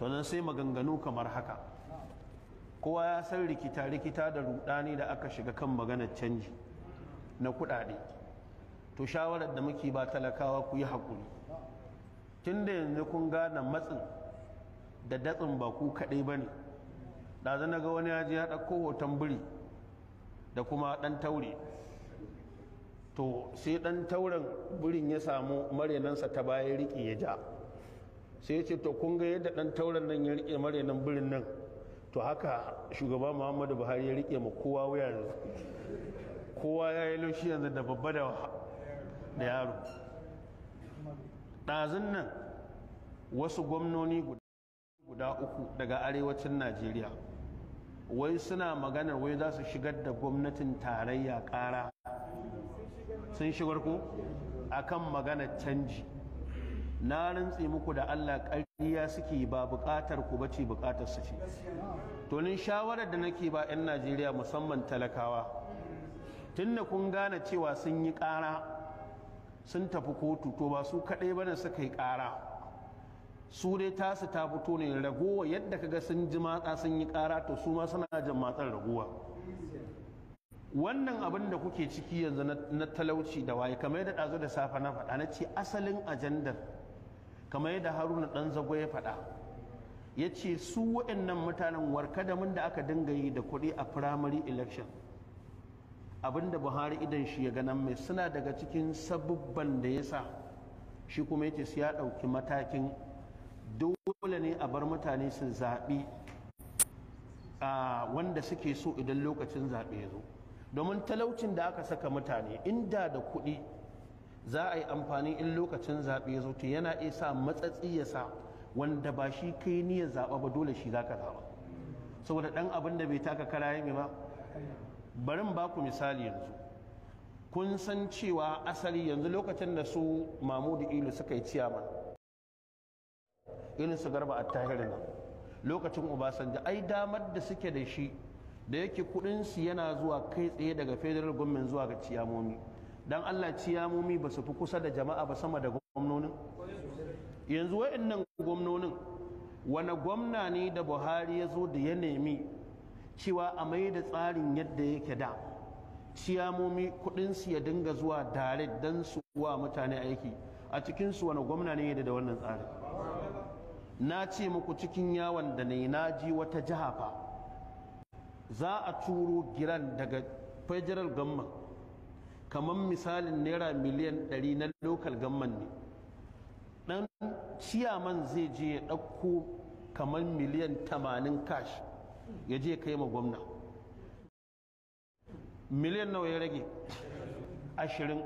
to nan sai maganganu kamar haka kowa ya san rikita-rikita da rudani da aka shiga kan maganar canji na kudade to shawarar da muke ba talakawa ku yi haƙuri tun da yanzu kun gane matsin da datsin ba ku kaɗai ba ne ɗazu na ga wani yaji ya ɗauko hoton biri da kuma ɗan taure to sai ɗan tauren birin ya samu marinansa ta baya riƙe ya ja sai ya ce to kun ga yadda dan tauran nan ya rike mare nan birin nan to haka shugaba Muhammadu Buhari ya rike ma kowa wuya yanzu kowa ya yi laushi yanzu da babba da yaro ɗazun nan wasu gwamnoni guda uku daga arewacin Najeriya wai suna maganar wai za su shigar da gwamnatin tarayya kara sun shigar ko akan maganar canji na rantse muku da Allah ƙarya suke ba buƙatar ku bace buƙatar su ce to ni shawarar da nake ba 'yan Najeriya musamman talakawa tunda kun gane cewa sun yi ƙara sun tafi kotu to ba su kaɗai bane suka yi ƙara su dai tasu ta fito ne ragowa yadda kaga sun ji matsa sun yi ƙara to su ma suna jin matsar ragowa wannan abin da kuke ciki yanzu na talauci da waye kamar yadda ɗazu da safe na faɗa na ce asalin ajandar kamar yadda haruna ɗan zago ya faɗa ya ce su waɗannan mutanen warka da mun da aka dinga yi da kuɗi a firamare election abinda buhari idan shi ya ganan mai suna daga cikin sabubban da ya sa shi kuma ya ce su ya ɗauki matakin dole ne a bar mutane su zaɓi wanda suke so idan lokacin zaɓe ya zo domin talaucin da aka saka mutane inda da kuɗi za a yi amfani in lokacin zaɓe ya to yana isa matsatsi ya sa wanda ba shi kai niyyar zaɓa ba dole shi za ka zaɓa saboda ɗan abin da bai taka kara ya ba barin ba ku misali yanzu kun san cewa asali yanzu lokacin da su mamudu ilu suka yi ciyaman ilu su garba a tahirin nan lokacin obasanjo ai damar da suke da shi da yake kuɗinsu yana zuwa kai tsaye daga federal Gwamnan zuwa ga ciyamomi dan Allah ciyamomi ba su fi kusa da jama'a ba sama da gwamnonin yanzu wa'annan gwamnonin wani gwamna ne da Buhari ya zo da ya nemi cewa a mai da tsarin yadda yake da ciyamomi kudinsu ya dinga zuwa dare don su wa mutane aiki a cikinsu wani gwamna ne da wannan tsarin na ce muku cikin yawon da ne na ji wata jiha fa za a turo giran daga federal government kamar misalin naira miliyan 100 na local gamman ne dan ciyaman zai je ya ɗauko kamar miliyan 80 cash ya je kai ma gwamna miliyan nawa ya rage 20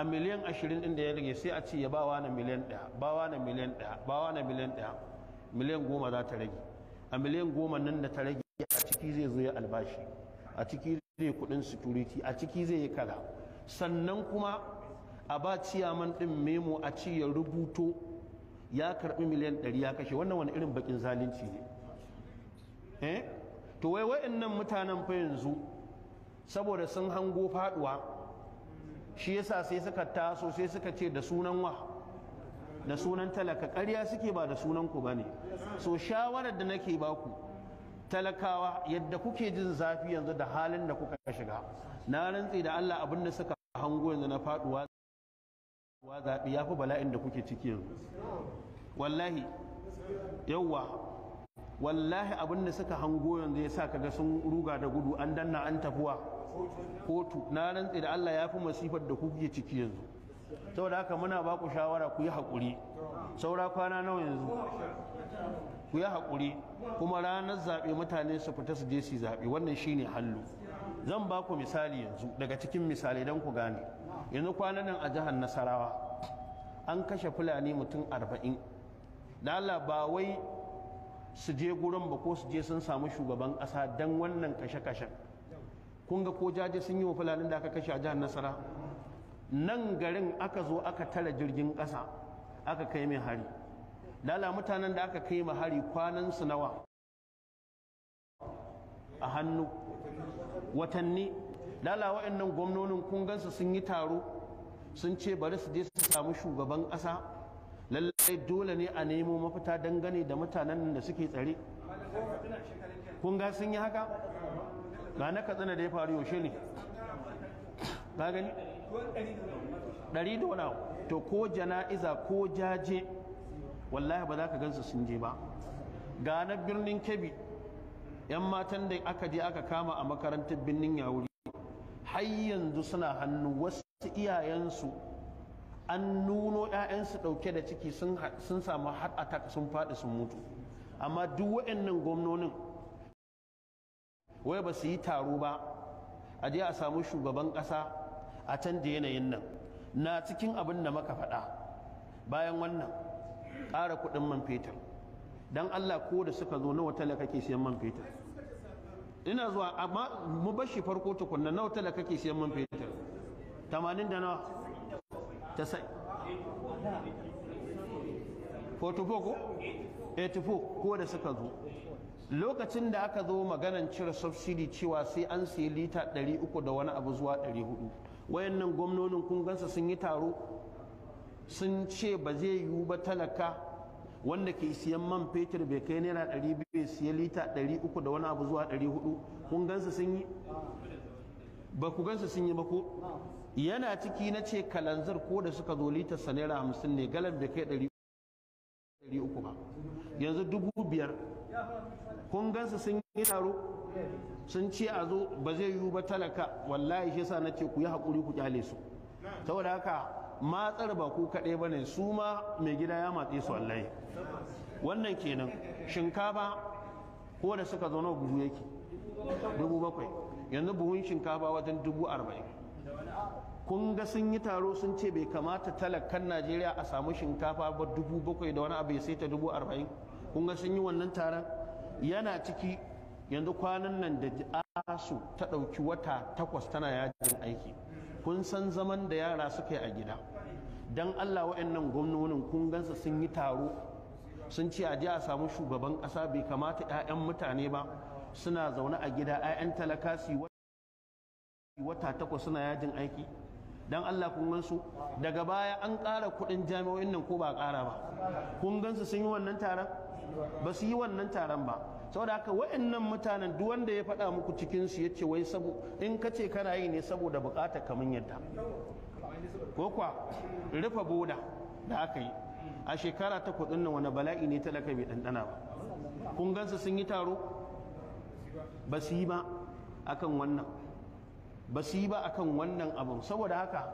a miliyan 20 inda ya rage sai a ce ya bawa na miliyan 1 bawa na miliyan 1 bawa na miliyan 1 miliyan 10 za ta rage a miliyan 10 nan da ta rage a ciki zai zo ya albashi a ciki zai kudin security a ciki zai yi kaza sannan kuma a ba ciyaman ɗin memo a ci ya rubuto ya karɓi miliyan ɗari ya kashe wannan wani irin bakin zalunci ne eh to wai nan mutanen fa yanzu saboda sun hango faduwa shi yasa sai suka taso sai suka ce da sunan wa da sunan talaka ƙarya suke ba da sunan ku bane so shawarar da nake baku talakawa yadda kuke jin zafi yanzu da halin da kuka shiga na rantse da Allah abin da suka hango yanzu na faduwa wa zaɓi ya fi bala'in da kuke ciki yanzu wallahi yawwa wallahi abin da suka hango yanzu ya sa ka ga sun ruga da gudu an danna an tafuwa kotu na rantse da Allah ya fi masifar da kuke ciki yanzu saboda haka muna ba ku shawara ku yi haƙuri saura kwana nawa yanzu ku yi haƙuri kuma ranar zaɓe mutane su fita su je su zaɓe wannan shine hallu zan ba ku misali yanzu daga cikin misalai don ku gane yanzu kwanan nan a jihar nasarawa an kashe fulani mutum arba'in da Allah ba wai su je gurin ba ko su je sun samu shugaban ƙasa don wannan kashe-kashen kun ga ko jaje sun yi wa fulani da aka kashe a jihar nasara nan garin aka zo aka tara jirgin ƙasa aka kai mai hari lala mutanen da aka kai ma hari kwanan su nawa a hannu watanni lala wa'annan gwamnonin kun gansu sun yi taro sun ce bari su je su samu shugaban ƙasa lallai dole ne a nemo mafita dangane da mutanen da suke tsare kun ga sun yi haka ga na katsina da ya faru yaushe ne ka gani ɗari da wani to ko jana'iza ko jaje wallahi ba za ka gansu sun je ba ga na birnin kebi yan matan da aka je aka kama a makarantar birnin yawuri har yanzu suna hannu wasu iyayensu an nuno 'ya'yansu ɗauke da ciki sun samu har attack sun faɗi sun mutu amma duk waɗannan gwamnonin wai ba su yi taro ba a je a samu shugaban ƙasa a canza yanayin nan na cikin abin da maka faɗa bayan wannan ƙara kuɗin man fetur dan Allah ko da suka zo nawa talaka kake siyan man fetur ina zuwa amma mu bashi farko tukunna nawa talaka kake siyan man fetur 80 da nawa ta 44 ko 84 ko da suka zo lokacin da aka zo maganan cire subsidi cewa sai an sayi lita 300 da wani abu zuwa 400 wayannan gwamnonin kun gansa sun yi taro sun ce ba zai yiwu ba talaka wanda ke siyan man fetur bai kai naira ɗari biyu siya lita ɗari uku da wani abu zuwa ɗari hudu kun gansa sun yi ba ku gansa sun yi ba ko yana ciki na ce kalanzar ko da suka zo lita sa naira hamsin ne galar bai kai ɗari uku ba yanzu dubu biyar kun gansa sun yi taro sun ce a zo ba zai yiwu ba talaka wallahi shi sa na ce ku yi haƙuri ku kyale su saboda haka matsar ba ku kaɗai ba ne su ma mai gida ya matse su allai wannan kenan shinkafa ko da suka zauna buhu yake dubu bakwai yanzu buhun shinkafa wajen dubu arba'in kun ga sun yi taro sun ce bai kamata talakan najeriya a samu shinkafa ba dubu bakwai da wani abu ya sai ta dubu arba'in kun ga sun yi wannan taron yana ciki yanzu kwanan nan da asu ta ɗauki wata takwas tana yajin aiki kun san zaman da yara suka yi a gida dan Allah wa'annan gwamnonin kun gansa sun yi taro sun ce a je a samu shugaban ƙasa bai kamata 'ya'yan mutane ba suna zaune a gida 'ya'yan talakasi wata takwas suna yajin aiki don Allah kun gansu daga baya an ƙara kuɗin jami'o'in nan ko ba ƙara ba kun gansu sun yi wannan taron ba su yi wannan taron ba saboda haka wa'annan mutanen duk wanda ya faɗa muku cikin su yace wai sabo in kace kana yi ne saboda bukata kamun yadda ko kwa rufe boda da aka yi a shekara ta kudin nan wani bala'i ne talaka bai ɗanɗana ba kun gansu sun yi taro ba su yi ba akan wannan ba su yi ba akan wannan abin saboda haka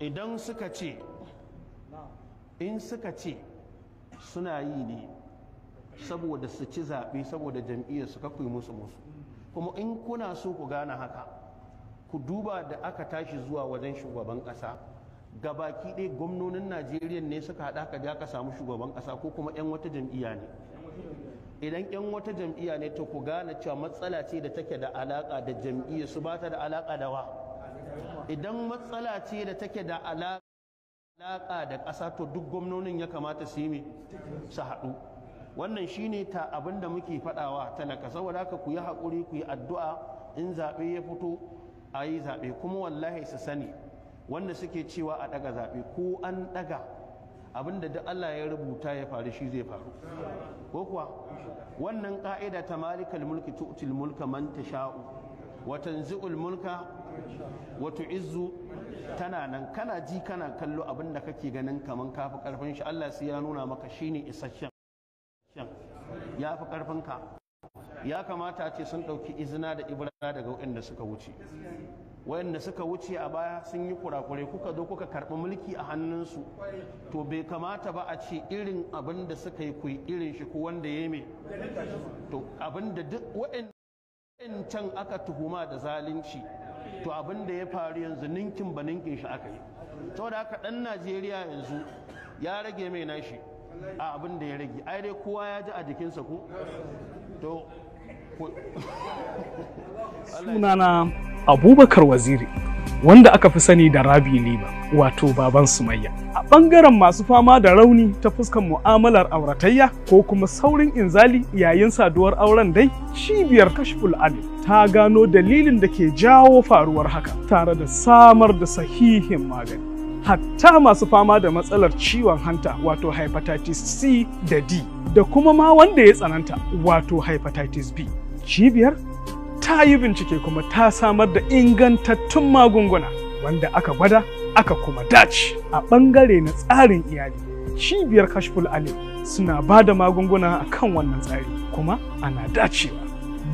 idan suka ce in suka ce suna yi ne saboda su ci zaɓe saboda jam'iyyar su kakwai musu musu kuma in kuna so ku gane haka ku duba da aka tashi zuwa wajen shugaban ƙasa ga baki ɗaya gwamnonin najeriya ne suka haɗa ka ja ka samu shugaban ƙasa ko kuma 'yan wata jam'iyya ne idan 'yan wata jam'iyya ne to ku gane cewa matsala ce da take da alaƙa da jam'iyya su ba ta da alaƙa da wa idan matsala ce da take da alaƙa da ƙasa to duk gwamnonin ya kamata su yi su haɗu wannan shine ta abinda muke fadawa talaka saboda ka ku yi hakuri ku yi addu'a in zaɓe ya fito a yi zaɓe kuma wallahi su sani wanda suke cewa a ɗaga zaɓe ko an ɗaga. abinda da Allah ya rubuta ya faru shi zai faru ko kuwa wannan ka'ida ta malikal mulki tu'til mulka man tasha'u wa tanzi'ul mulka wa tu'izzu tana nan kana ji kana kallo abinda kake ganin kaman kafi karfin shi Allah sai ya nuna maka shine isasshen ya fi ƙarfinka ya kamata ce sun ɗauki izina da ibra daga waɗanda suka wuce waɗanda suka wuce a baya sun yi kurakure kuka zo kuka karɓi mulki a hannunsu to bai kamata ba a ce irin abin da suka yi kuyi irin shi ko wanda ya yi to abin da duk waɗancan aka tuhuma da zalunci to abin da ya faru yanzu ninkin ba ninkin shi aka yi saboda haka ɗan najeriya yanzu ya rage mai nashi a abin da ya rage ai dai kowa ya ji a jikinsa ku to sunana abubakar waziri wanda aka fi sani da rabi liba wato baban sumayya a ɓangaren masu fama da rauni ta fuskan mu'amalar auratayya ko kuma saurin inzali yayin saduwar auren dai cibiyar kashful alim ta gano dalilin da ke jawo faruwar haka tare da samar da sahihin magani hatta masu fama da matsalar ciwon hanta wato hepatitis C da D da kuma ma wanda ya tsananta wato hepatitis B. Cibiyar ta yi bincike kuma ta samar da ingantattun magunguna wanda aka gwada aka kuma dace a ɓangare na tsarin iyali. Cibiyar Kashful Ali suna ba da magunguna a kan wannan tsari kuma ana dacewa.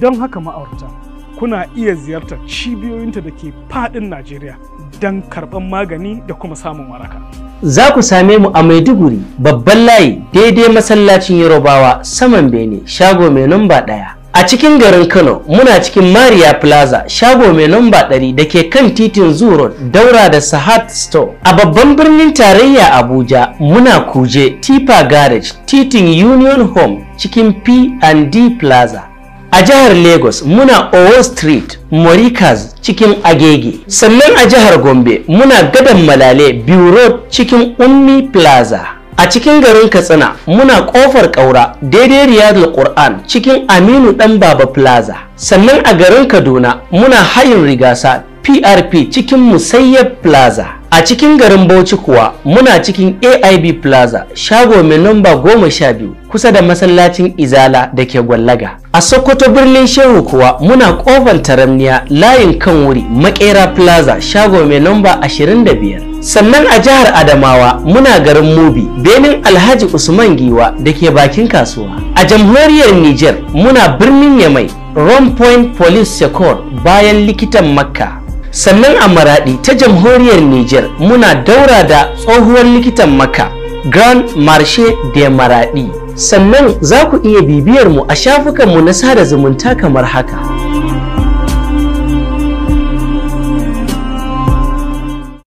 Don haka ma'aurata kuna iya ziyartar cibiyoyinta da ke fadin Najeriya don karɓar magani da kuma samun waraka. Za ku same mu a Maiduguri babban layi daidai masallacin Yarobawa saman Bene shago mai namba ɗaya. A cikin garin Kano muna cikin Maria Plaza shago mai namba ɗari da ke kan titin Zuro daura da Sahat Store. A babban birnin tarayya Abuja muna kuje Tipa Garage titin Union Home cikin P&D Plaza. a jihar lagos muna owo street morikas cikin agege sannan a jihar gombe muna gadon malale road cikin ummi plaza a cikin garin katsina muna kofar kaura daidai riyadul qur'an cikin aminu dan baba plaza sannan a garin kaduna muna hayin rigasa prp cikin musayyab plaza a cikin garin bauchi kuwa muna cikin aib plaza shago mai namba goma sha biyu kusa da masallacin izala da ke gwallaga a sokoto birnin shehu kuwa muna kofar taramniya layin kan wuri makera plaza shago mai lamba 25 sannan a jihar adamawa muna garin mubi benin alhaji usman giwa da ke bakin kasuwa a jamhuriyar niger muna birnin yamai Rome Point Police Secor bayan likitan Makka. sannan a Maraɗi ta jamhuriyar Nijar, muna daura da tsohuwar likitan maka grand marche de maradi sannan za ku iya bibiyar mu a shafukanmu na sada zumunta kamar haka